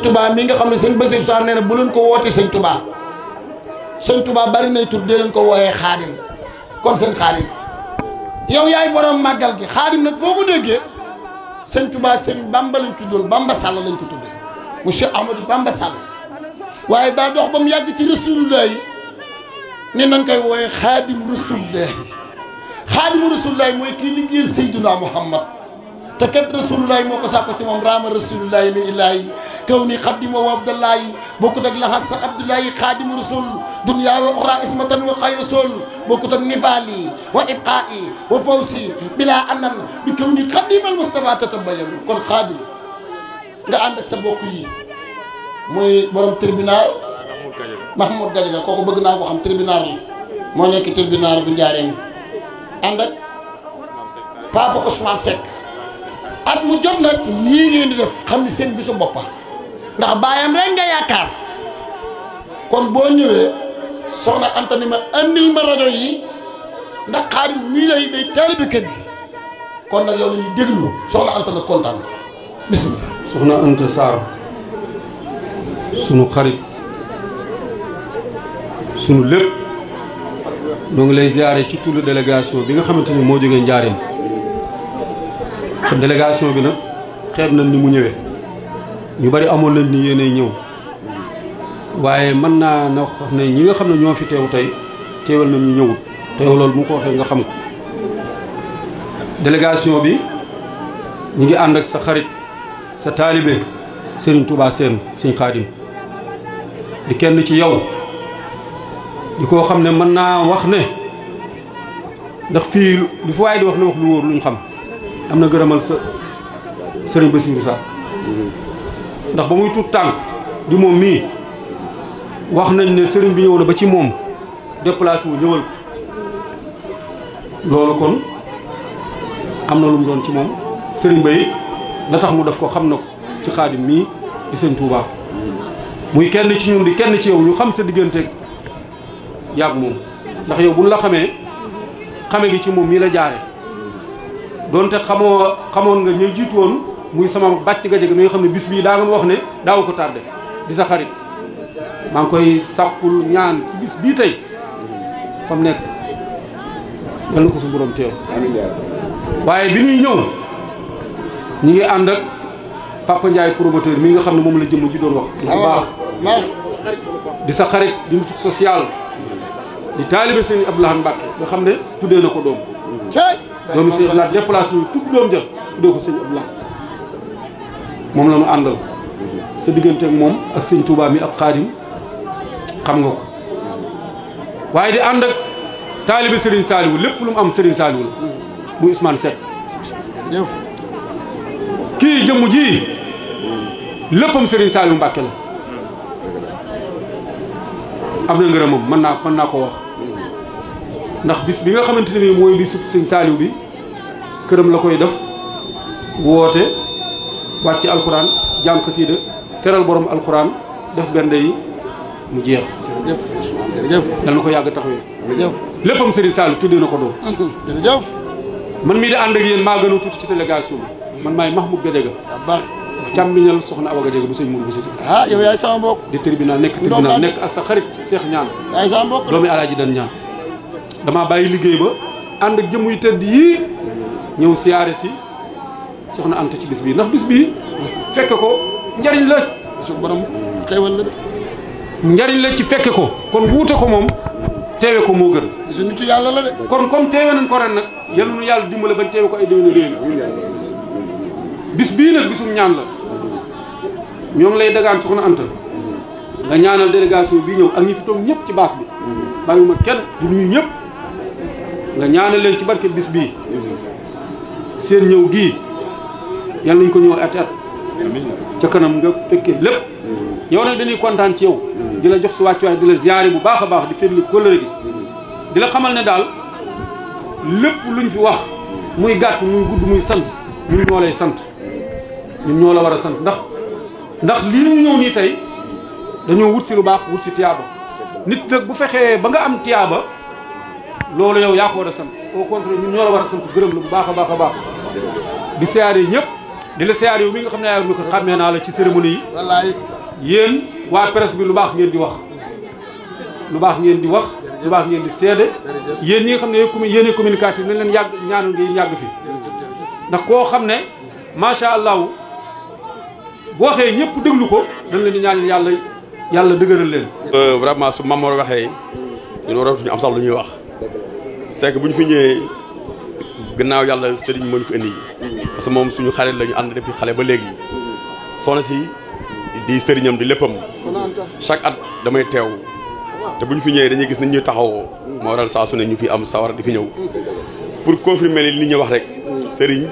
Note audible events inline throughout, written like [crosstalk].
sëñ tubaa mi nga xam ne seen Basiru Saar nee na bu leen ko wootee sëñ tubaa sëñ tubaa bari nay tur de leen ko wooyee xaadim kon seen xaadim yow yaay borom màggal gi xaadim nag foo ko déggee sëñ tubaa sëñ bamba lañ tuddoon bamba sàll lañ ko tuddee monsieur Amadou bamba sàll waaye daa dox ba mu yàgg ci rasulullah yi ne nañ koy wooyee xaadim rasulullah yi xaadim rasulullah yi mooy kii liggéeyal Seydina Muhammad تكد رسول الله موكو ساكوتي موم رام رسول الله من إلهي كوني خدم وعبد الله بوكو تك لحس عبد الله خادم رسول دنيا واخرى اسمة وخير رسول بوكو تك نفالي وابقائي وفوسي بلا انن بكوني خدم المصطفى تتبين كل خادم nga عندك ak sa bokku yi moy borom tribunal mahmoud gadiga koku bëgg na ko xam tribunal mo nek tribunal bu ndiarém and ak at mu jot nag nii ngeen di def xam ni seen bisu boppa ndax baayam rek nga yaakaar kon boo ñëwee soxna Anta ni ma andil ma rajo yi ndax xaadim mii lay day taalibe kër gi kon nag yow lañuy ñuy déglu soxna Anta nag kontaan na bisimilah. soxna Anta Sarr sunu xarit sunu lépp ñoo ngi lay ziare ci tullu délégation bi nga xamante ni moo jógee Njaareem. délégation bi nag xeet na ni mu ñëwee ñu bari amoon nañ ni yéenay ñëw waaye mën naa na wax ne ñi nga xam ne ñoo fi teew tey teewal nañ ñu ñëwut te loolu mu ko waxee nga xam ko délégation bi ñu ngi ànd ak sa xarit sa taalibe Serigne tubaa seen Serigne Khadim di kenn ci yow di koo xam ne mën naa wax ne ndax fii lu fu waaye di wax ne wax lu wóor luñ xam am na gërëmal sa sëriñ Bassirou Moussa ndax ba muy tuut tànk di moom mii wax nañ ne sëriñ bi ñëw na ba ci moom déplacé wu ñëwal ko loolu kon am na lu mu doon ci moom sëriñ Bay la tax mu def ko xam na ko ci xaadim mii di sëñ Touba muy kenn ci ñun di kenn ci yow ñu xam sa digganteek yàgg moom ndax yow buñ la xamee xame gi ci moom mii la jaare donte xamoo xamoon nga ñooy jiitu woon muy sama bàcc ga jege mi nga xam ne bis bii daa nga ma wax ne daaw ko tardé di sa xarit maa ngi koy sàkkul ñaan ci bis bii tey fa mu nekk yal na ko su borom teew waaye bi ñuy ñëw ñu ngi ànd ak Papa Ndiaye promoteur mi nga xam ne moom la jëmm ji doon wax di baax di sa xarit di nit social di taalibe seen Abdoulaye Mbacke nga xam ne tuddee na ko doom doomu sëñ Abdou Lahad déplacé wu tudd doom jël tuddoo ko sëñ Abdou Lahad moom la ñu àndal sa diggante moom ak sëñ Touba mi ab xaadim xam nga ko waaye di ànd ak taalibe sëriñ saaliwu lépp lu mu am Serigne Saliou la bu Ousmane Seck kii jëmm ji léppam Serigne Saliou Mbacke la am na ngërëmam mën naa mën naa ko wax ndax bis bi nga xamante ne bii mooy bisu sëñ saaliw bi këram la koy def woote wàcc alxuraan jàng xasida teral boroom alxuraan def bernde yi mu jeex. jërëjëf jërëjëf. yal na ko yàgg taxawee. jërëjëf léppam sëriñ Saaliw tuddee na ko doom. [laughs] jërëjëf. man mii di ànd ak yéen maa gën a tuuti ci délégation bi. man maay Mahmoud Gadiaga. baax càmmiñal soxna Awa Gadiaga bu sëñ Mourou Bissé. ah yow yaay sama mbokk. di tribunal nekk tribunal nekk ak sa xarit Cheikh Ñaan. yaay sama mbokk doomi Ñaan. damaa bàyyi liggéey ba ànd ak jëmuy tëdd yii ñëw siyaare si soxna ant ci bis bii ndax bis bii fekk ko njariñ la. su borom xewal la de. njariñ la ci fekke ko kon wuute ko moom teewe ko moo gën. su nitu yàlla la de. kon comme teewe nañ ko ren nag yal na yàlla dimbale bañ teewe ko ay déwén déwén bis bii nag bisum ñaan la ñoom lay dagaan soxna ant nga ñaanal délégation bii ñëw ak ñi fi toog ñëpp ci baas bi bàyyiwuma kenn du nuyu ñëpp. nga ñaanal leen ci barke bis bii seen ñëw gii yal nañ ko ñëw at at ca kanam nga fekkee lépp yow nag dañuy kontaan ci yow di la jox si wàccuwaay di la ziyaare bu baax a baax di fetli kóllëre gi di la xamal ne daal lépp luñ fi wax muy gàtt mu gudd muy sant ñun ñoo lay sant ñun ñoo la war a sant ndax ndax lii ñu ñëw nii tey dañoo wut si lu baax wut si tiyaaba nit nag bu fexee ba nga am tiyaaba loolu yow yaa ko war a sant au contraire ñoo la war a sant gërëm la bu baax a baax a baax di siyaare ñëpp di la siyaare yow mi nga xam ne yaa ngi ko xàmmee naa ci cérémonie yi. wallaay yéen waa presse bi lu baax ngeen di wax. lu baax ngeen di wax baax ngeen di seede yéen ñi nga xam ne commu yéene communicative nañ leen yàgg ñaanal ngeen yàgg fi ndax koo xam ne macha allah bu waxee ñëpp déglu ko dañ leen di ñaanal yàlla yàlla dëgëral leen. Euh, vraiment su Mamor waxee ñun waratuñu am sax lu ñuy wax. c'est que bu ñu fi ñëwee gannaaw yàlla sëriñ moo ñu fi indi parce que moom suñu xarit la ñu ànd depuis xale ba léegi soxna si di sëriñam di léppam chaque at damay teew te bu ñu fi ñëwee dañuy gis nañ ñuy taxawoo moo waral saa su ne ñu fi am sawar di fi ñëw pour confirmer li nit ñi wax rek sëriñ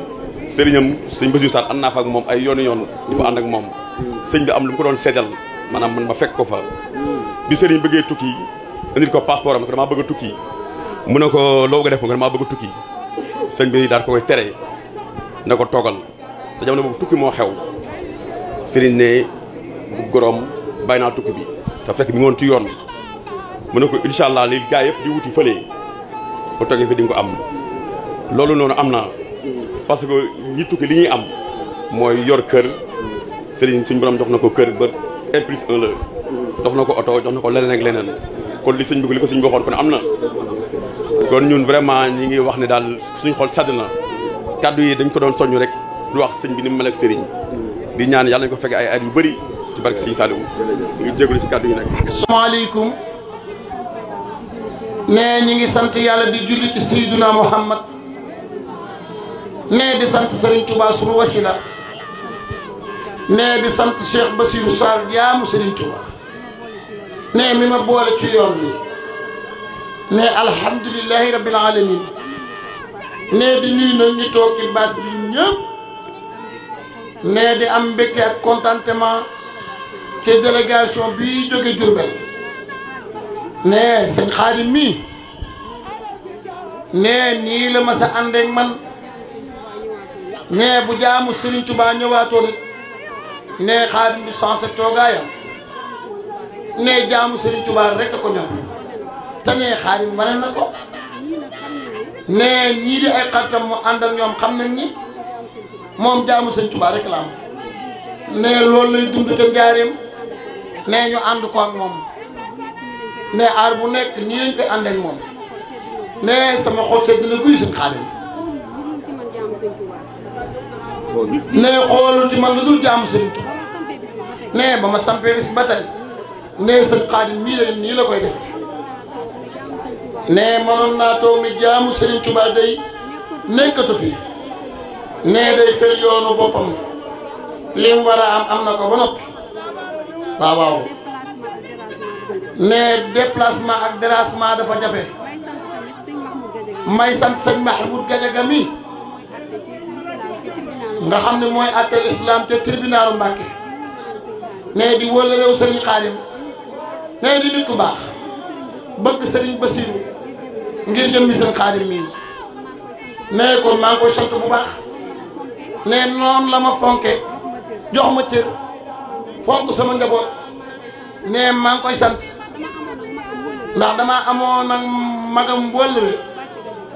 sëriñam sëñ Basiru Saar ànd naa fa ak moom ay yoonu yoon di fa ànd ak moom sëñ bi am lu mu ko doon seetal maanaam man ma fekk ko fa bi sëriñ bëggee tukki indi ko passeport am damaa bëgg tukki mu ne ko loo bëgg def ko nga maa bëgg a tukki sëñ bi daal ko koy tere na ko toggal te jamono boobu tukki moo xew sëriñ ne bu gorom bàyyi naa tukki bi te fekk bi ngoon ci yoon mun ne ko incha allah li gaa yëpp di wuti fële ba toggee fi di ko am loolu noonu am na parce que ñi tukki li ñuy am mooy yor kër sëriñ suñ borom jox na ko kër ba R plus 1 la jox na ko oto jox na ko leneen ak leneen kon li sëñ bi li ko sëñ bi waxoon kon amna kon ñun vraiment ñi ngi wax ni dal suñ xol sadna kaddu yi dañ ko doon soñu rek lu wax sëñ bi ni mu mel ak sëriñ di ñaan yalla ñu ko fekk ay ay yu bari ci barke sëñ Saliou ñu ngi jégalu ci kaddu yi nak assalamu alaykum ne ñi ngi sant yalla di julli ci sayyiduna Muhammad ne di sant Serigne Touba suñu wasila ne di sant Cheikh Bassirou Sarr jaamu Serigne Touba. nee mi ma boole ci yoon bi nee alhamdulilahi rabbil alamin nee di nuyu nag ñu toog ci baas bi ñëpp nee di am mbégte ak contentement ci délégation bi jóge Diourbel nee sëñ Xaadim nee nii ma sa àndeek man nee bu jaamu Serigne Touba ñëwaatoon it nee Xaadim du sens ak ne jaamu Serigne Touba rek a ko ñor tañee xaarim wane na ko ne ñii di ay xaritam mu ànd ak ñoom xam nañ ni moom jaamu Serigne Touba rek la am ne loolu lay dund te njaareem ne ñu ànd ko ak moom ne aar bu nekk nii lañ koy ànd ak moom ne sama xol sedd dina guy seen xaarim ne xoolul ci man lu dul jaamu Serigne Touba ne ba ma sampee si ba tey nee sëñ mii de nii la koy defee nee mënoon naa toog ni jaamu Serigne Touba day nekkatu fi nee day fer yoonu boppam li am am na ko ba noppi waaw waaw nee déplacement ak dérangement dafa jafe may sant sëñ Mahmoud Gadiaga nga xam ne mooy àtte l'islam te tribunalu Mbàkke nee di wëlalew Serigne Xaadim nee di nit ku baax bëgg Serigne Bassirou ngir jëmmi seen xaadim nee kon maa koy sant bu baax nee noonu la ma fonke jox ma cër fonk sama njaboot nee maa koy sant ndax damaa amoon nag magam wëllëre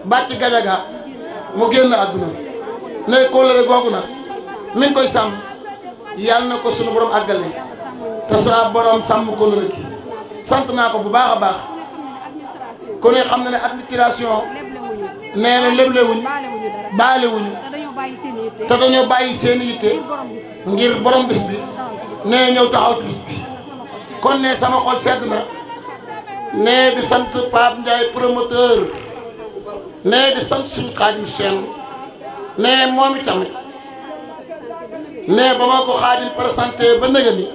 bàcc gajaga mu génn àdduna nee kóllëre googu nag mi koy sàmm yàlla na ko sunu borom àggale te saa borom sàmm kóllëre sant naa ko bu baax a baax ku ne xam na ne administration nee na leblewuñ baalewuñu te dañoo bàyyi seen yitte ngir borom bis bi nee ñëw taxaw ci bis kon ne sama xol sedd na nee di sant Pape Ndiaye promoteur nee di sant suñ xaajum seen nee moom itamit nee ba ma ko xaajul présenté ba nëgë ni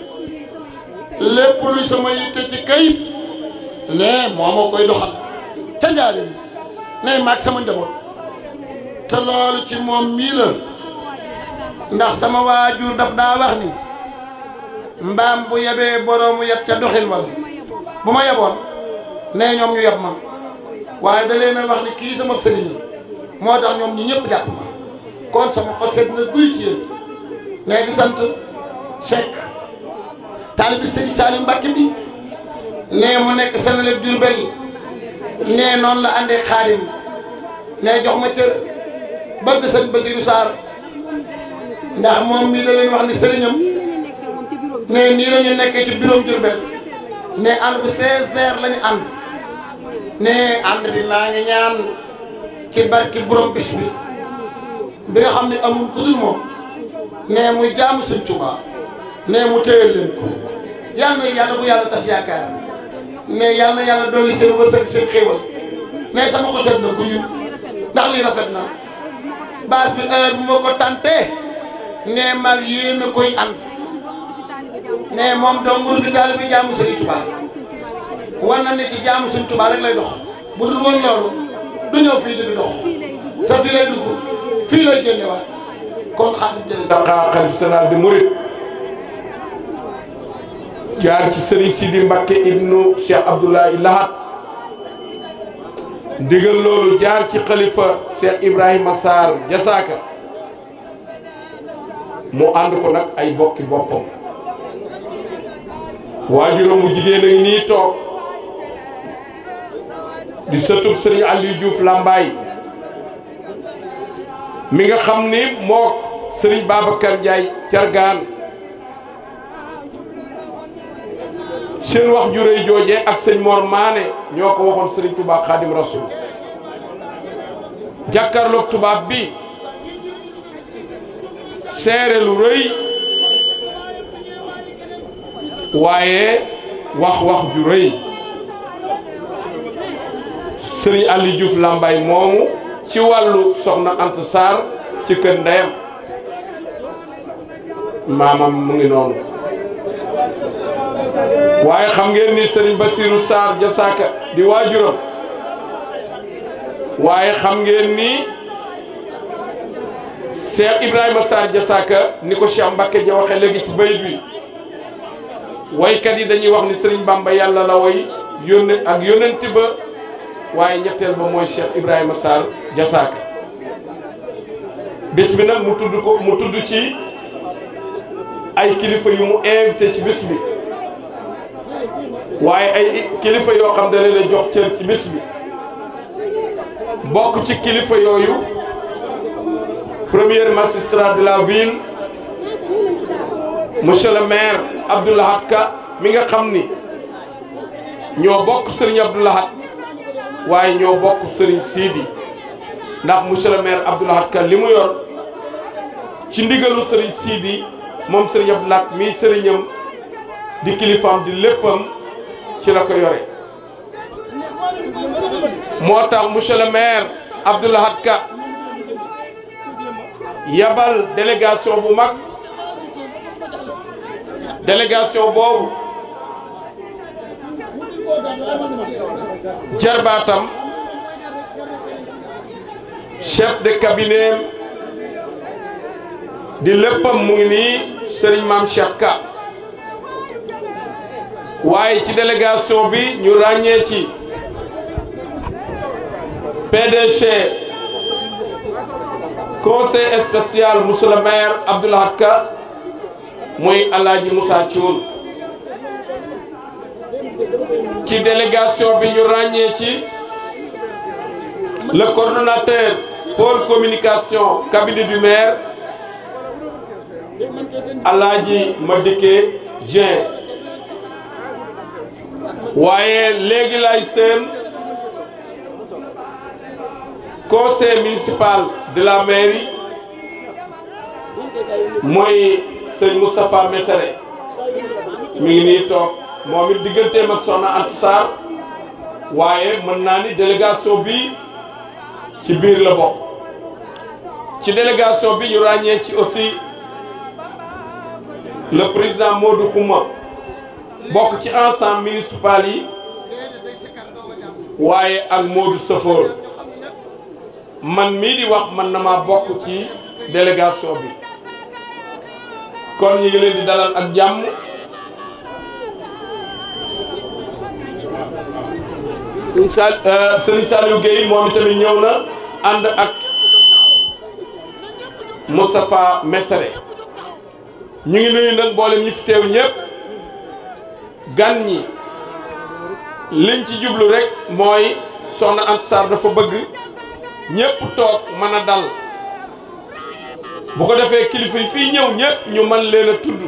lépp luy sama yitte ci kayit nee moo koy doxal ca njaarim nay maag sama njaboot te loolu ci moom mii ndax sama waajur daf daa wax ni mbaam bu yebee boroomu yeb ca doxin wala bu ma yeboon nee ñoom ñu yeb ma waaye da leen wax ni kii sama sëriñ moo dax ñoom ñi ñëpp jàpp ma kon sama xol sedd na guy ci yéen nee di sant taalibi Serigne Saliou Mbacké bi nee mu nekk Senelec Diourbel nee noonu la àndee xaadim nee jox ma cër bëgg ba si Sarr ndax moom mii la leen wax ni sëriñam nee nii la ñu nekkee ci bureau Diourbel nee ànd bu 16 heures la ñu ànd nee ànd bi maa ñaan ci barki borom bis bi xam ne amul ku dul moom nee muy jaamu sëñ Tuubaa nee mu téyel yal na yàlla bu yàlla tas yaakaar mais yal na yàlla dolli seen wërsëg seen sa mais sama na guñu ndax rafet na base bi heure bu ma ko tàntee nee mag yéen a koy ànd moom dong bi taal bi jaamu Sëriñ Tuubaa war na nit ci jaamu Sëriñ Tuubaa rek lay dox bu dul woon loolu du ñëw fii di fi dox te fii lay dugg fii lay génnewaat kon xaaral jërëjëf. daqaa jaar ci sëriñ Sidi Mbakke ibnu Cheikh Abdoulaye Lahat ndigal loolu jaar ci xalifa Cheikh Ibrahima Sarr Jasaaka mu ànd ko nag ay bokki boppam waajuram mu jigéen a ngi nii toog di sëtub sëriñ Aliou Diouf Lambaye mi nga xam ni moo sëriñ Babacar car Cargaan seen wax ju réy jooje ak sëñ Mor Maane ñoo ko waxoon Serigne Touba Khadim Rasoul jàkkaarloog tubaab bi seere lu rëy waaye wax wax ju rëy Serigne Aliou Diouf làmbaay moomu ci wàllu soxna ant Sarr ci kër ndeyam maamam mu ngi noonu. waaye xam ngeen ni Serigne Bassirou Sarr Diasaka di waajuram waaye xam ngeen ni Cheikh Ibrahima Sarr Diasaka ni ko Cheikh Mbacke ja waxe léegi ci bayit bi waykat yi dañuy wax ni Serigne Bamba yàlla la way yónne ak yónnenti ba waaye ñetteel ba mooy Cheikh Ibrahima Sarr Diasaka bis bi nag mu tudd ko mu tudd ci ay kilifa yu mu invité ci bis bi waaye ay kilifa yoo xam dana la jox cër ci bis bi bokk ci kilifa yooyu premier magistrat de la ville monsieur le maire Abdou Lahad Ka mi nga xam ni ñoo bokk Serigne Abdou Lahad waaye ñoo bokk Serigne Sidi ndax monsieur le maire Abdou Ka li mu yor ci ndigalu Serigne Sidi moom Serigne Abdou mii sëriñam di kilifaam di léppam ci moo tax monsieur le maire Abdou yabal délégation bu mag délégation boobu jarbaatam chef de cabinet di léppam mu ngi nii Serigne Mame Cheikh Ka waye ci délégation bi ñu ràññee ci PDC conseil spécial monsieur le maire Abdullah, Hakka mooy Alaaji Moussa délégation bi ñu ràññee ci le coordonnateur pour communication cabinet du maire Alaaji Madické Jean waaye léegi lay seen conseil municipal de la mairie mooy sëñ Moustapha Messere mi ngi nii toog moom it digganteem ak soxna Anta Sarr waaye mën naa ni délégation bi ci biir la bo ci délégation bi ñu ràññee ci aussi le président Modou Khouma bok ci ensemble municipal yi waye ak Modou Safor man mi di wax man na maa ci délégation bi kon ñi ngi leen di dalal ak jamm sëñ Sal euh Saliou Guèye moom itamit na and ak Moustapha Messere ñi ngi nuyu nak bolem ñi fi tew ñepp gan ñi liñ ci jublu rekk mooy soxna Anta Sarr dafa bëgg ñëpp toog mën a dal bu ko defee kilifa yi fii ñëw ñëpp ñu mën leen a tudd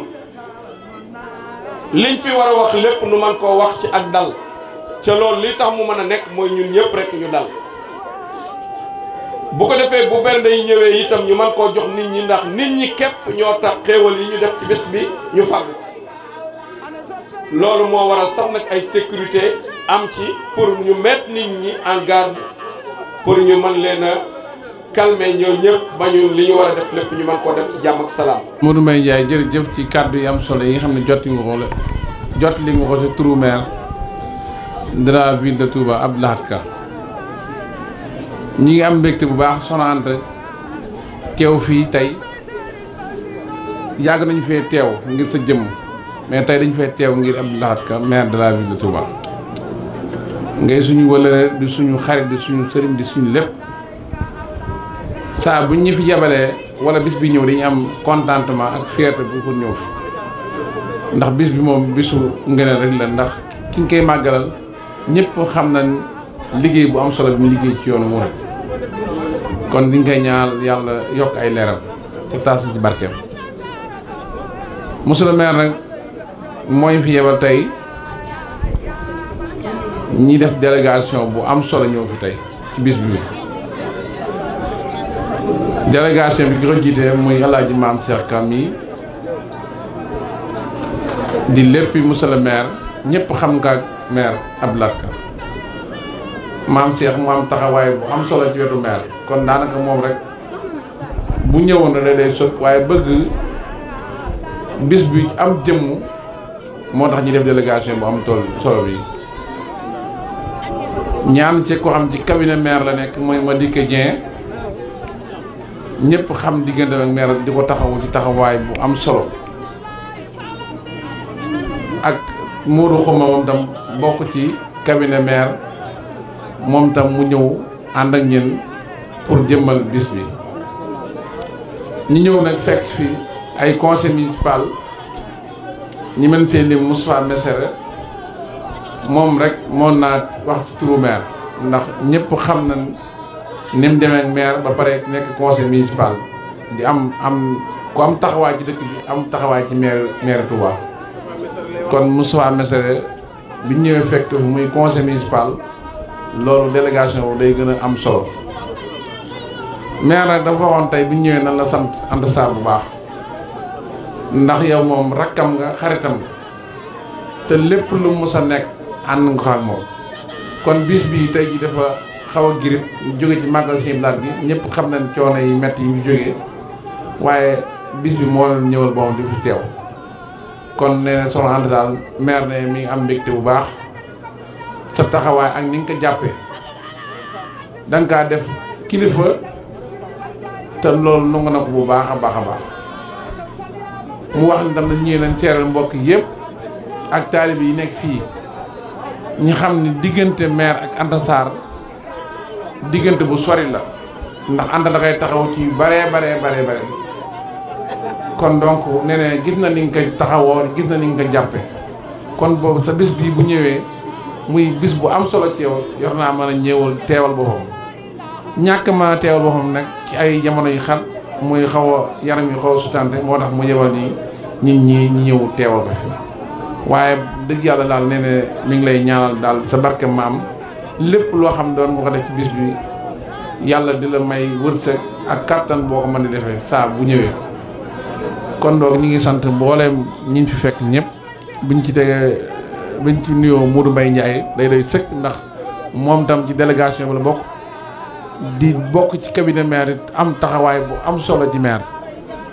liñ fi war a wax lépp nu mën koo wax ci ak dal ca loolu li tax mu mën a nekk mooy ñun ñëpp rek ñu dal bu ko defee bu bernde yi ñëwee itam ñu mën koo jox nit ñi ndax nit ñi képp ñoo tax xéewal yi ñu def ci bés bi ñu fàgg loolu moo waral sax nag ay sécurité am ci pour ñu mettre nit ñi en garde pour ñu mën leen a calmer ñoo ñëpp ba li ñu war def lépp ñu mën koo def ci jàmm ak salaam. Modou Mbaye Ndiaye jërëjëf ci kàddu yi am solo yi nga xam ne jotti nga ko la li nga ko ci turu maire de la ville ñi ngi am mbégte bu baax Soxna Anta teew fii tey yàgg nañu fee teew ngir sa jëmm. mais tay dañ fay tew ngir Abdou lahat Ka maire de la ville de Touba ngay suñu wëlëre di suñu xarit di suñu sëriñ di suñu lepp saa buñ ñi fi jabalé wala bis bi ñëw dañ am contentement ak fierté bu ko ñëw fi ndax bis bi moom bisu ngëneel rek la ndax ki ngi koy màggalal ñëpp xam nañ liggéey bu am solo bi mu liggéey ci yoonu mu rek kon diñ koy ñaanal yàlla yokk ay leeral te taas ci barkeem monsieur le maire nag moo ñu fi yebal tey ñi def délégation bu am solo ñëw fi tey ci bis bi délégation bi ki ko jiitee muy alaaji maam Cheikh Kam yi di léppi monsieur le maire ñëpp xam nga ak ab Abdoulaye Ka maam Cheikh mu am taxawaay bu am solo ci wetu maire kon daanaka moom rek bu ñëwoon na day sot waaye bëgg bis bi am jëmm motax ñi def délégation bu am tol solo bi ñaan ci ko xam ci cabinet maire la nek moy ma dikke jien ñepp xam digënde ak maire diko taxawu ci taxaway bu am solo ak modou xuma mom tam bokku ci cabinet maire mom tam mu ñew and ak ñen pour jëmmal bis bi ñi ñew nak fekk fi ay conseil municipal ñi mën fee lim Moussa Messere moom rek moo naa wax ci turu maire ndax ñëpp xam na ni mu demee maire ba pare nekk conseil municipal di am am ku am taxawaay ci dëkk bi am taxawaay ci maire maire Touba kon Moussa Messere bi ñëwee fekk muy conseil municipal loolu délégation bu day gën a am solo maire nag dafa waxoon tey bi ñëwee nan la sant Anta Sarr bu baax ndax yow moom rakam nga xaritam te lépp lu mos a nekk ànd nga ko ak moom kon bis bi tey ji dafa xaw a girib jóge ci magasin Sëñ gi ñëpp xam nañ coono yi metti yi mu jógee waaye bis bi moo leen ñëwal boom di fi teew kon nee na soxna Anta daal maire ne mi ngi am mbégte bu baax sa taxawaay ak ni nga ko jàppee da nga def kilifa te loolu nangu na ko bu baax a baax a baax mu wax ni tam ñëw leen seeral mbokk yëpp ak taalibe yi nekk fii ñi xam ni diggante maire ak Anta Sarr diggante bu sori la ndax Anta da koy taxaw ci bare bare bare bare kon donc nee na gis na ni nga ko taxawoo gis na ni nga ko kon boobu sa bis bii bu ñëwee muy bis bu am solo ci yow yor naa mën a ñëwal teewal boppam ñàkk mën a teewal boppam nag ci ay jamono yu xal muy xaw a yaram yi xaw a sutante moo tax mu yebal nii nit ñi ñu ñëw teewal ko waaye dëgg yàlla daal nee na mi ngi lay ñaanal daal sa barke maam lépp loo xam doon nga def ci biir bi yàlla di la may wërsëg ak kàttan boo ko mën di defee saa bu ñëwee kon donc ñi ngi sant mbooleem ñi fi fekk ñëpp buñ ci tegee buñ ci nuyoo mu du bay Ndiaye day doy sëkk ndax moom tam ci délégation bi la bokk di bok ci cabinet maire am taxaway bu am solo ci maire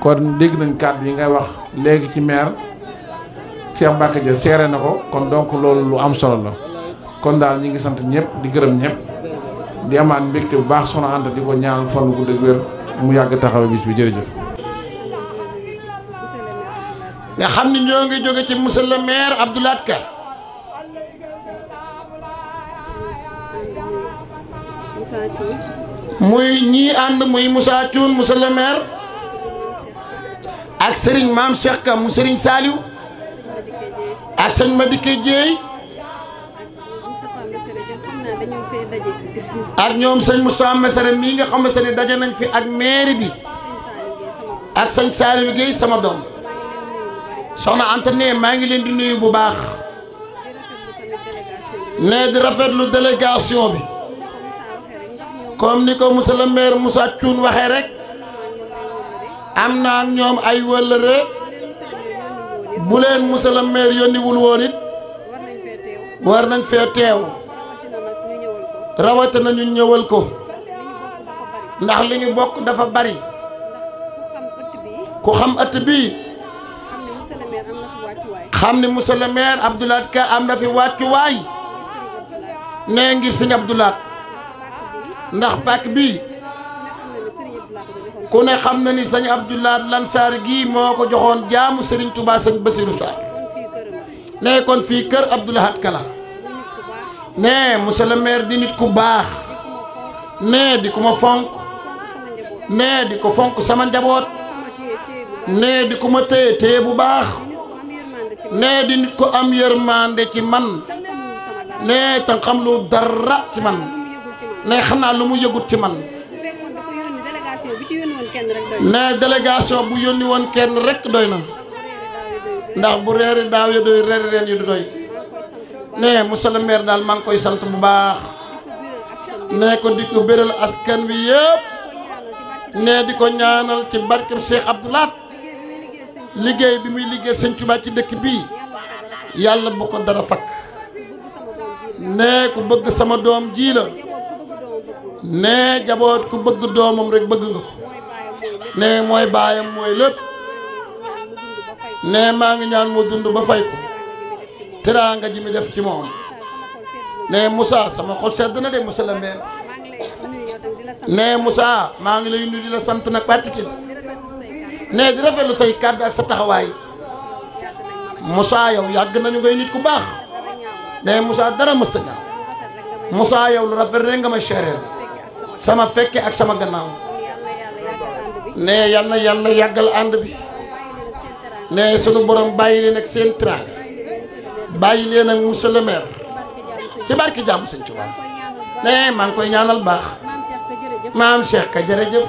kon deg nañ kàddu yi ngay wax legi ci maire Cheikh Mbacke Dia séré nako kon donc loolu lu am solo la kon dal ñi ngi sant ñëpp di gërëm ñëpp di amaat mbekté bu baax sonu ant di ko ñaan fonu ko deug wér mu yag taxawe bis bi jërëjëf nga xamni ñoo ngi jóge ci monsieur le maire abdoulat Ka thank you muy ñii ànd muy Moussa Thioune mu le maire ak Serigne maam Cheikh Ka mu Serigne Saliou ak sëñ Madické Dieye ak ñoom sëñ Moussa Mesere mii nga xam ne daje nañ fi ak mairie bi ak sëñ Saliou Gueye sama doom soxna Anta ne maa ngi leen di nuyu bu baax ne di rafetlu délégation bi. comme ni ko monsieur le maire Moussa Thioune rek am naa ñoom ay wëllëre bu leen monsieur le maire woon it war nañ fee teew rawatina ñu ñëwal ko ndax li ñu bokk dafa bari ku xam ëtt bii xam ni monsieur le maire am na fi wàccuwaay nee ngir sëñ Abdou ndax Pak bi ku ne xam na ni serigne abdullah Lansar gi moko joxone jaamu Serigne Touba serigne Bassirou Sarr ne kon fi keur abdullah Kala ne monsieur le maire di nit ku bax ne di kuma fonk ne di ko fonk sama njabot ne di kuma ma téye bu bax ne di nit ko am yermande ci man ne tan xam lu dara ci man ne xam naa lu mu yëgut ci man. ne délégation bu yónni woon kenn rek doy na. ndax bu reeri daaw ya doy reeri reen yi du doy. ne monsieur le daal maa koy sant bu baax. ne ko di ko béral askan wi yëpp. ne di ko ñaanal ci barkeb Cheikh Abdou liggéey bi muy liggéey sëñ Tuubaa ci dëkk bii yàlla bu ko dara fakk ne ku bëgg sama doom ji la nee jaboot ku bëgg doomam rek bëgg nga ko nee mooy baayam mooy lépp nee maa ngi ñaan mu dund ba fay ko nga ji mi def ci moom nee Moussa sama xol sedd na de monsieur le maire nee Moussa maa ngi lay nuyu di la sant nag particulier nee di rafetlu say kàddu ak sa taxawaay Moussa yow yàgg nañu ngay nit ku baax nee Moussa dara mësta ñaaw Moussa yow lu rafet rek nga may seereel sama fekke ak sama gannaaw nee yal na yàlla yàggal ànd bi nee sunu borom bàyyi leen ak seen trang bàyyi leen ak monsieur le maire ci barki jàmm sëñ Tuubaa nee maa ngi koy ñaanal baax maam Cheikh ka jërëjëf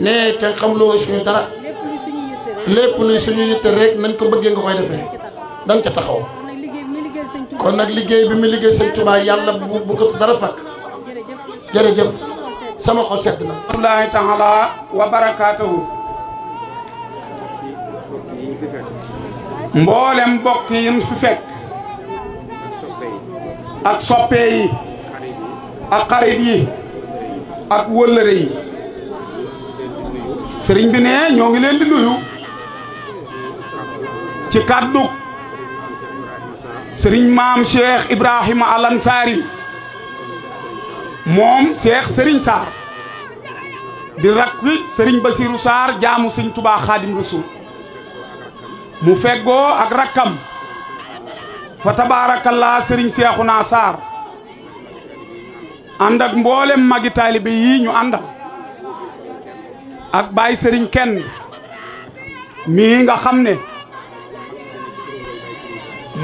nee te xam loo suñu dara lépp luy suñu yitte rek nañ ko bëggee nga koy defee dañ ca taxaw kon nag liggéey bi mu liggéey sëñ Tuubaa yàlla bu bu ko dara fakk jerejeuf sama xol sedd na taala wa barakatuh. mbollem bokk yi su fekk ak soppe yi ak xarit yi ak wëllëre yi serigne bi ne ñoo ngi leen di nuyu ci kaddu serigne mam Cheikh Ibrahim Al moom Seex Sëriñ Saar di rakk Sëriñ Basiiru Saar jaamu Sëñ Tubaa Xaadim Rasuul mu feggoo ak rakkam fa tabaarakallaa Sëriñ Seexuna Saar ànd ak mboolem magi taalibe yii ñu àndal ak bay sëriñ kenn mii nga xam ne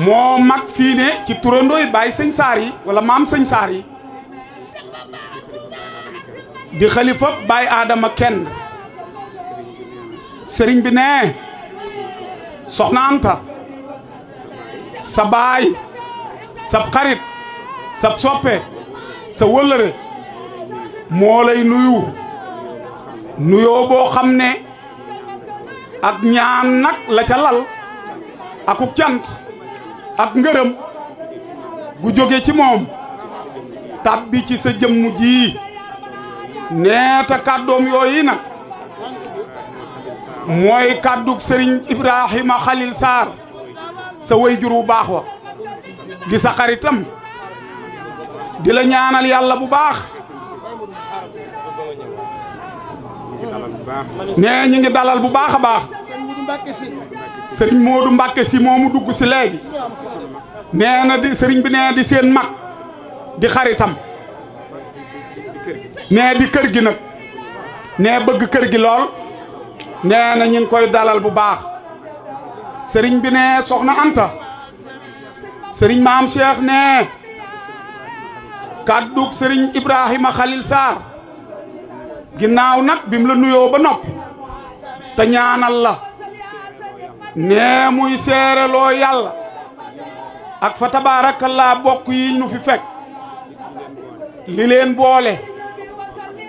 moo mag fii ne ci turandooy bay sëñ saar yi wala maam sëñ saar yi di xalifa baay aadama kenn sëriñ bi nee soxna Anta sa baay sab xarit sab soppe sa wëllëre moo lay nuyu nuyoo boo xam ne ak ñaan nag la ca lal akuk cant ak ngërëm gu jóge ci moom tàbbi ci sa jëmm ji nee kaddom kàddoom nak moy mooy serigne ibrahim Khalil Sar, sa wayjuru bax wa di sa di la ñaanal yalla bu bax ne ñi ngi dalal bu baxa Sering serigne Modou Mbacke si momu dugg ci legi neena di serigne bi di sen mak di xaritam nee di kër gi nag nee bëgg kër gi lool nee na ñu koy dalal bu baax sëriñ bi nee soxna Anta sëriñ maam Cheikh nee kàddug sëriñ Ibrahima xalil Sarr ginnaaw nag bim la nuyoo ba nopp te ñaanal la nee muy seereloo yàlla ak fa tabaarakallaa bokk yi ñu fi fekk li leen boole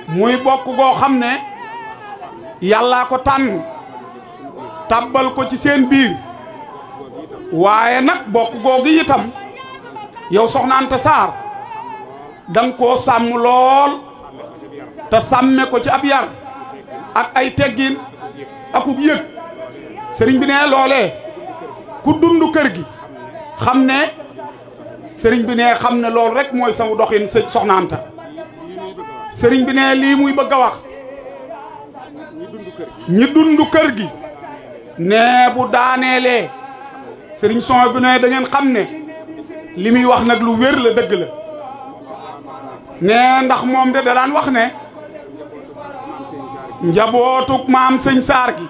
muy bokk goo xam ne yàllaa ko tànn tàbbal ko ci seen biir waaye nag bokk googu itam yow soxna Anta Sarr danga koo sàmm lool te sàmme ko ci ab yar ak ay teggin akub yëg sëriñ bi loolee ku dund kër gi xam ne sëriñ bi ne xam ne loolu rek mooy sama doxin sëñ soxna sëriñ bi ne lii muy bëgg a wax ñi dund kër gi ne bu daaneelee sëriñ son bi ne da xam ne li muy wax nag lu wér la dëgg la ne ndax moom de da daan wax ne njabootuk maam sëñ saar gi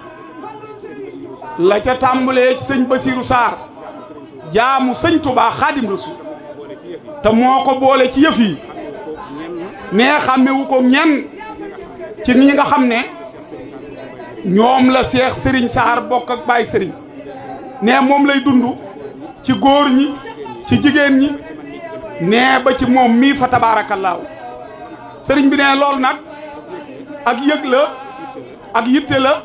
la ca tàmbalee ci sëñ Basiiru Saar jaamu sëñ Tubaa Xaadim Rasul te moo ko boole ci yëf yi mais xàmmewu ko ñenn ci ñi nga xam ne ñoom la seex sëriñ Saar bokk ak Baye sëriñ ne moom lay dund ci góor ñi ci jigéen ñi ne ba ci moom mii fa tabaarakallaahu sëriñ bi ne lool nag ak yëg la ak yitte la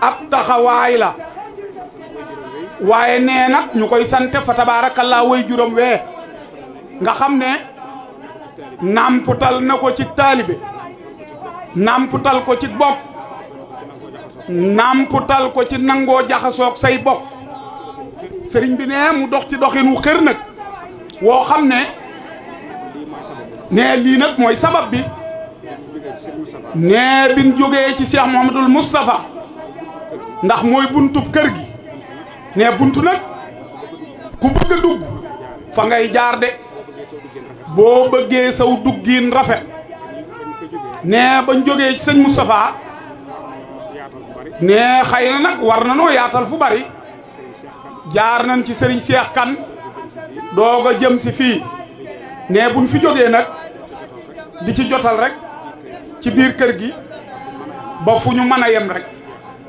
ab taxawaay la waaye nee nag ñu koy sante fa tabaarakallaahu way juróom wee nga xam ne nàmputal na ko ci taalibe nàmputal ko ci bopp nàmputal ko ci nangoo jaxasook say bopp sëriñ bi ne mu dox ci doxin wu xër nag woo xam ne ne lii nag mooy sabab bi ne bin jógee ci Cheikh Mouhamadoul mustafa ndax mooy buntub kër gi ne buntu nag ku bëgg a fa ngay jaar de bo beugé saw duggin rafet né bañ joggé ci seigne Moustapha né xëy na nag war na yaatal fu bari jaar nañ ci seigne Cheikh kan dogo jëm ci fi né buñ fi joggé nak di ci jotal rek ci biir kër gi ba fuñu mëna yëm rek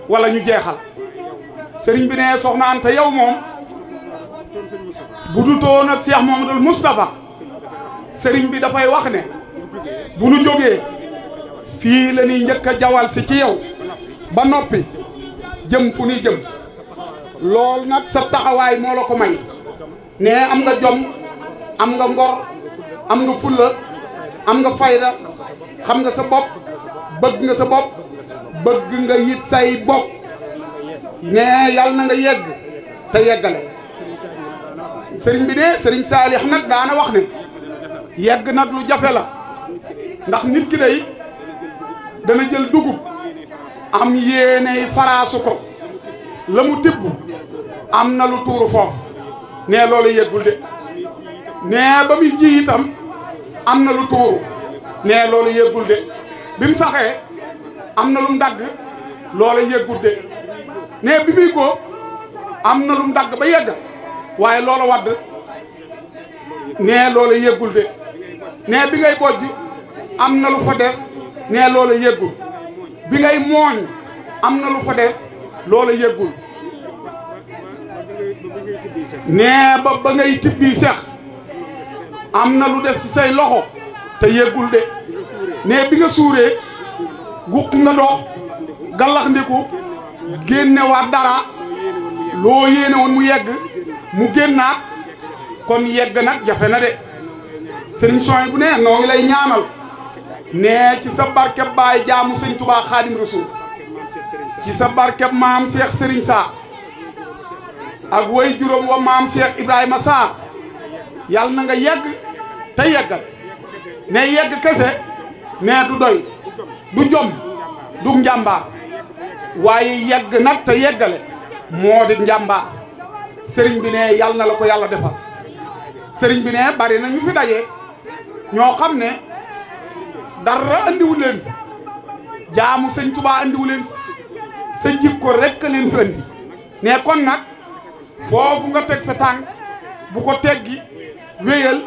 wala ñu jéxal sëriñ bi né soxna Anta yow mom to nak Cheikh sëriñ bi dafay wax ne bu nu jógee fii la ñuy njëkk a jawal si ci yow ba noppi jëm fu ñuy jëm lool nag sa taxawaay moo la ko may ne am nga jom am nga ngor am nga fulla am nga fayda xam nga sa bopp bëgg nga sa bopp bëgg nga yit say bopp ne yàlla na nga yegg te yeggale sëriñ bi de sëriñ Saalix nag daana wax ne yegg nag lu jafe la ndax nit ki dana jël dugub am yéeney faraasu ko la mu tibb am na lu tuuru foofu nee loolu yeggul de nee ba muy ji itam am na lu tuuru nee loolu yeggul de bi mu saxee am na lu mu dagg loola yeggul de nee bi muy góob am na lu mu dagg ba yegg waaye loola wadd nee loola yeggul de nee bi ngay bojj am na lu fa def nee loola yëggul bi ngay mooñ am na lu fa def loola yëggul nee ba ba ngay tibbi sax am na lu def ci say loxo te yëggul de nee bi nga suuree guq nga dox gallax ndiku génnewaat dara loo yéene woon mu yegg mu génnaat kon yegg nag jafe na de sëriñ Soy bu ne noo ngi lay ñaanal nee ci sa barkeb baay jaamu sëñ Touba Xaadim Rasul ci sa barkeb maam Cheikh Serigne Sarr ak way juróom wa maam Cheikh Ibrahima Sarr yàlla na nga yegg te yeggal ne yegg kese ne du doy du jom du njàmbaar waaye yegg nag te yeggale moo di njàmbaar sëriñ bi ne yàlla na la ko yàlla defal sëriñ bi ne bari nañu ñu fi daje. ñoo xam ne dara andiwu leen jaamu sëñ Tuubaa andiwu leen sa jikko rek leen fi andi ne kon nag foofu nga teg sa tànk bu ko teggi wéyal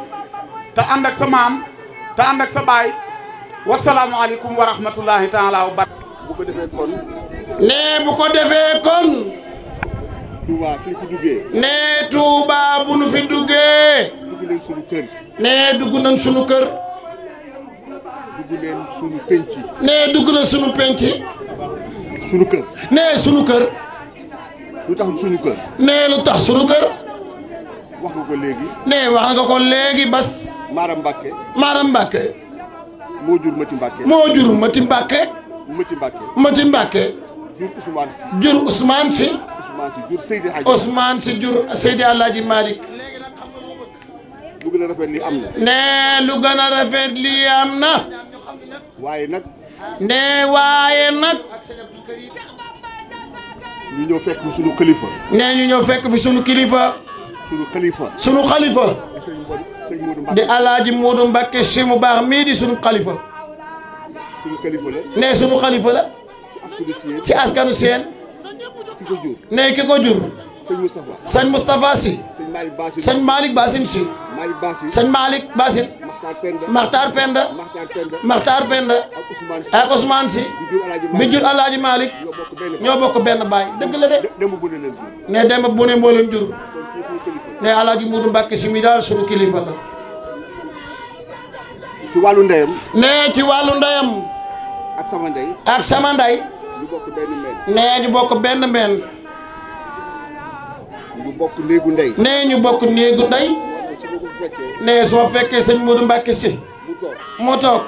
te ànd ak sa maam te ànd ak sa baay wasalaamualeykum wa rahmatullahi taala wa barak. bu ko defee kon. ne bu ko defee kon. Touba fi ñu fi duggee. nu fi duggee. dugg leen nee dugg nañ sunu kër. dugg leen nee dugg na sunu penc. sunu kër. nee sunu kër. lu tax sunu kër. nee lu tax sunu kër. wax nga ko léegi. nee wax nga ko léegi bas. maar Mbacke. Maram Mbacke. moo jur Mati Mbacke. moo jur Mati Mbacke. Mati Mbacke. Mati Mbacke. jur Ousmane si. jur si. Ousmane si jur Seydi Hadj. Ousmane si lu rafet lii am na. nee lu gën a rafet lii na. waaye nag. nee waaye nag. ñu ñëw fekk sunu kilifa. nee ñu ñëw fekk fi sunu kilifa. sunu xalifa. sunu xalifa. di alaaji Moodu Mbàkke si mu baax mii di sunu xalifa. sunu xalifa la. nee sunu xalifa la. ci askanu seen. ci nee ki ko jur. Sen Mustafa si, sëñ Malik Basin si, sëñ Malik Basin, Makhtar Penda Makhtar Penda ak Ousmane si mi jur Alaaji Malik, Nyobok bokk benn bay Dengkel la de ne Demba Bune moo jur ne Alaaji Muudu Mbàkke si mi daal sunu kilifa la ci ne ci wàllu ndeyam ak sama ndey ak sama ndey ne ñu bokk benn men bokk néegu nee ñu bokk néegu ndey. nee su ma fekkee sëñ Modou Mbacke si. mu toog.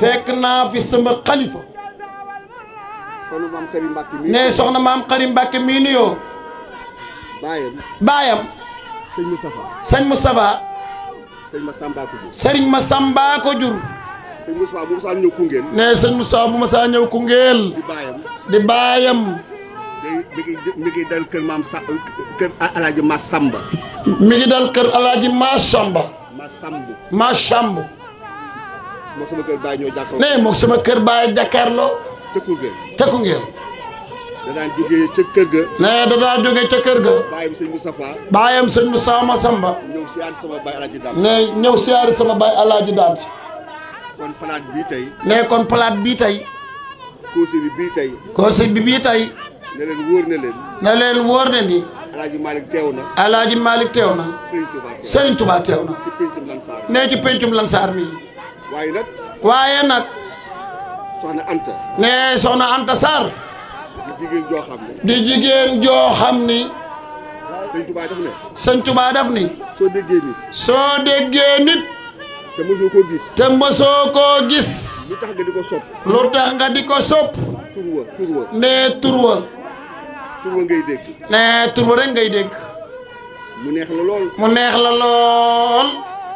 fekk naa fi sama xalifa. nee soxna maam Karim Mbacke mii nuyoo. baayam. baayam. sëñ Moustapha. sëñ Moustapha. ko jur. nee sëñ Moustapha bu ma saa ñëw Koungheul. di baayam. day mi ngi dal kër sa kër alaaji ma samba mu ngi dal kër alaaji ma samba ma sambu ma sambu mook sama kër baay ñoo sama kër baay jàkkaarloo tëkku ngeen tëkku ngeen da daan ca kër ga ne da daan jógee ca kër ga baayam sëñ Moustapha baayam sëñ Moustapha ma samba ñëw siyaari sama baay alaaji daam ne kon palaat bii tey ne kon palaat bii tey koosi bi bii tey koosi bi bii tey na leen wóor na na leen wóor na ni. Alaaji Malick teew na. Alaaji Malick teew na. Serigne Touba teew na Serigne Touba teew na. ci pencum Lansar mi. waaye nag. waaye nag. soxna Anta. nee soxna Anta Sarr. di jigéen joo xam ne. joo xam ni. Sëñ Touba daf ne. Sëñ Touba daf ni. soo déggee nit. soo déggee nit. te mosoo koo gis. te mosoo gis. lu tax nga di ko sopp. lu tax di ko sopp. tur tur ba ngay dégg. nee tur ba ngay dégg. mu neex la lool. mu neex la lool.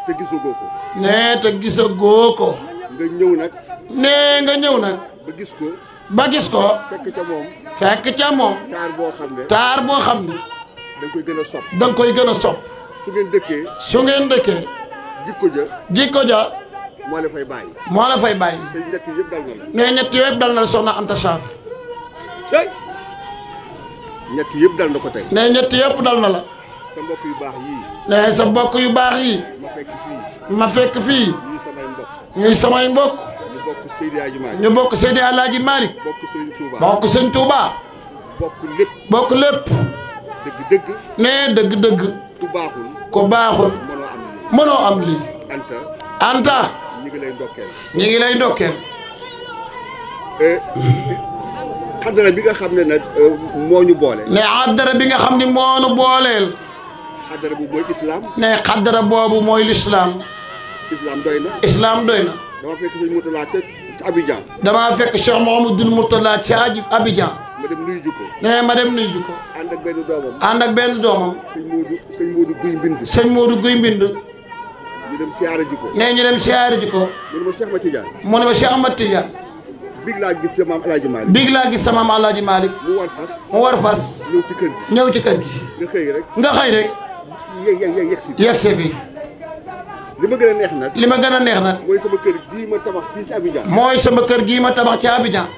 te gisagoo ko. nee te gisagoo ko. nga ñëw nag. nee nga ñëw nag. ba gis ko. ba ko. fekk ca moom. fekk ca moom. taar boo xam ne. taar boo xam ne. koy gën a sopp. da nga koy gën a sopp. su ngeen dëkkee. su ngeen dëkkee. jikko ja. jikko ja. moo la fay bàyyi. moo la fay bàyyi. te ñett yëpp dal na la. nee ñett yëpp dal na la soxna Anta ñett yëpp dal na ko tey. ne ñett yëpp dal na la. sa yu baax yii. sa mbokk yu baax yii. ma fekk fii. ma fekk fii. ñuy samay mbokk. samay mbokk. ñu bokk Seydi Hadji Malick. ñu bokk Seydi Hadji Malick. bokk Sëñ Touba. bokk Sëñ Touba. bokk lépp. bokk lépp. dëgg-dëgg. ne dëgg-dëgg. ku baaxul. ku mënoo am lii. mënoo Anta. Anta. ngi lay ndokkeel. ñi ngi lay xadara bi nga xam ne nag boole. ne xadara bi nga xam ne moo ñu booleel. xadara bu mooy islam. ne xadara boobu mooy lislaam. islam doy na. islam doy na. damaa fekk sëñ Moutala ca Abidjan. damaa fekk Cheikh Mouhamadoul Moutala ca Abidjan. ma dem nuyu jukko. ne ma dem nuyu jukko. ànd ak benn doomam. ànd ak benn doomam. sëñ Modou sëñ Modou Guy Mbind. sëñ Modou Guy Mbind. ñu dem siyaare jikko. ne ñu dem siyaare jikko. mu ne ma Cheikh Ahmad Tidiane. mu ne ma Cheikh Ahmad Tidiane. biig laa gis sa maam El Hadj gis sa maam El Hadj Malick. mu war fas. mu war fas. ñëw ci kër gi ñëw ci kër gi. nga xëy rek nga xëy si fi yegg si fi. li ma gën a neex nag. li ma gën a neex nag. mooy sama kër gii ma tabax fii ci Abidjan. mooy sama kër gii ma tabax ci Abidjan.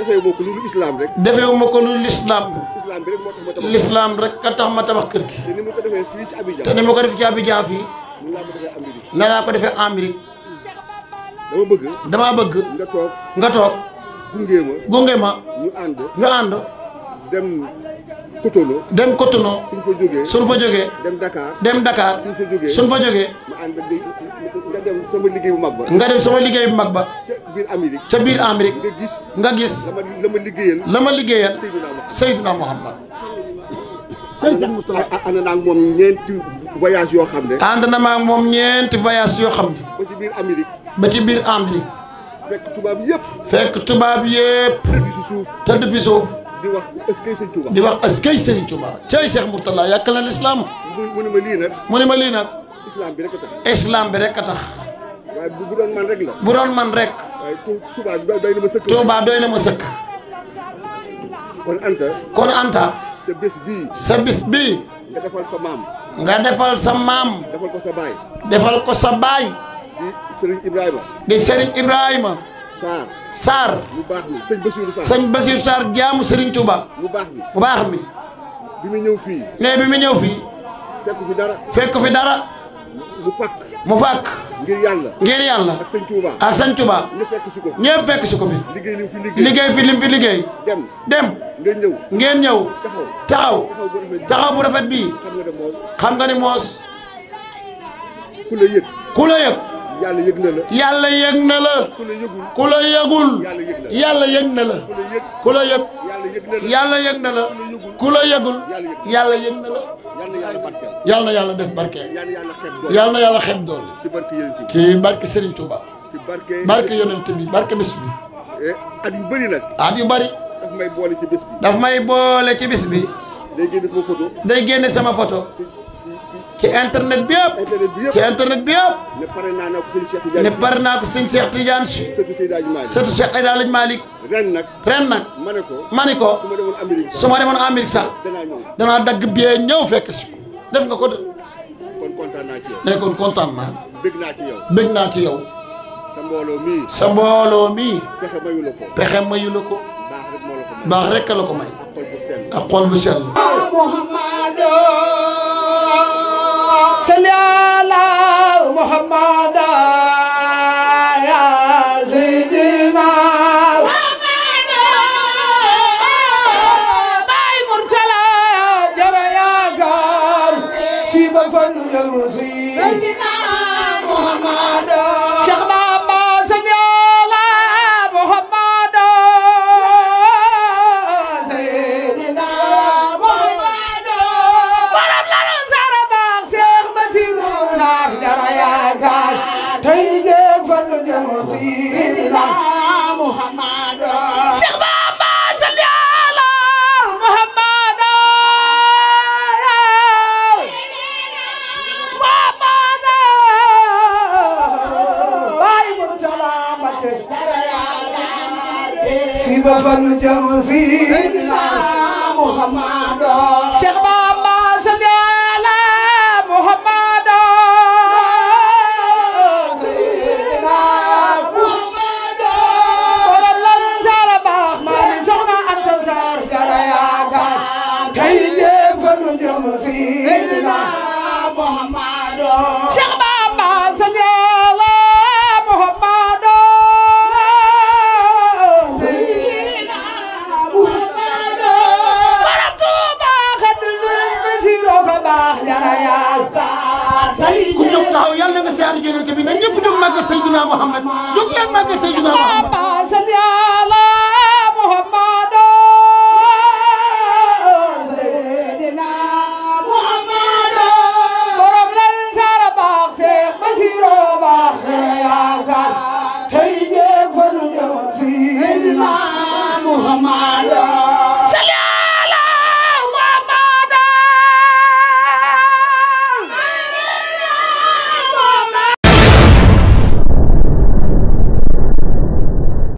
defee wu ma ko loolu islam rek. defee wu ma ko loolu l'islam. l'islam bi rek moo tax ma tabax. rek ka ma tabax kër gi. te ni ma ko defee fii ci Abidjan. te ni ma ko def ci Abidjan fii. na laa ko defee Amérique. dama bëgg. damaa bëgg. nga toog nga toog. gunge ma gunge ma. ñu ànd ñu ànd. dem Cotonou. dem Cotonou. suñ fa jógee suñ fa jógee. dem Dakar dem Dakar. suñ fa jógee suñ fa jógee. ànd nga dem sama liggéey bu mag ba. nga dem sama liggéey bu mag ba. ca biir Amérique. ca biir Amérique. nga gis nga gis. la ma liggéeyal. la ma liggéeyal Seydina Muhammad ànd naa ak moom ñeenti voyage yoo xam ne. ànd na maa moom ñeenti voyage yoo xam ne. ba ci biir Amérique. ba ci biir Amérique. fekk tubaab yëpp. fekk tubaab yëpp. tëdd fi suuf di wax askay Serigne Touba. di wax askay Serigne Touba. tey Cheikh Mourtala yàq na lislaam. mu ne ma lii nag. mu ma lii nag. bi rek a tax. islam bi rek a tax. bu doon man rek la. bu doon man rek. waaye Touba doy na ma sëkk. Touba kon Anta. sa bis bii. bi bis bii. nga defal sa maam. nga defal sa maam. defal ko sa baay. defal ko sa baay. di Serigne Ibrahima. di Serigne Ibrahima. Sarr. Sarr. mu baax sëñ Basiirou Sarr. jaamu Serigne Touba. mu baax mi mu baax bi mu ñëw fii. nee bi mu ñëw fii. fekk fi dara. fekk fi dara. mu fakk. mu fàkk. ngir yàlla ngir yàlla. ak sëñ Touba ak sëñ Touba. ñëpp fekk si ko fi ñëpp fekk ko fi. liggéey li mu fi liggéey liggéey fi li mu fi dem dem. ngeen ñëw ngeen ñëw. taxaw taxaw bu rafet bii. xam nga ne moos. ku la yëg ku la yëg. yàlla yëg na la. yàlla yëg na la. ku la yëgul yàlla yëg na la. ku la yëg yàlla yëg na la. ku la yëgul yàlla yëg na la. yàlla na yàlla def barkeel. yàlla na yàlla xeeb doole. kii barke Serigne Touba. barke yonent bi barke bés bi. Eh, at yu bëri nag. at yu bëri. daf may boole ci bés bi. daf may bi. day génne sama photo. day génne sama photo. ci internet bi yëpp. ci internet bi ne pare naa ko sëñ Cheikh Tidiane. ne si. sëtu Cheikh Aladji Malick sëtu ma ne ko ma ne ko. su ma demoon Amérique sax danaa dagg bee ñëw fekk si ko def nga ko de. kon kontaan naa ci ne kon kontaan naa. bëgg naa ci yow. naa ci yow. sa booloo mi sa mbooloo mii. pexe mayu la ko. pexe mayu la ko. baax rek la ko may. ak xol bu sell. a xol bu sell. صل على محمد Murtala Mbakke fii ba fan jëm fii Seydina Muhammad Cheikh Ba yonent bi nag ñëpp jóg màggal Seydina Muhammad jóg leen màggal Seydina Muhammad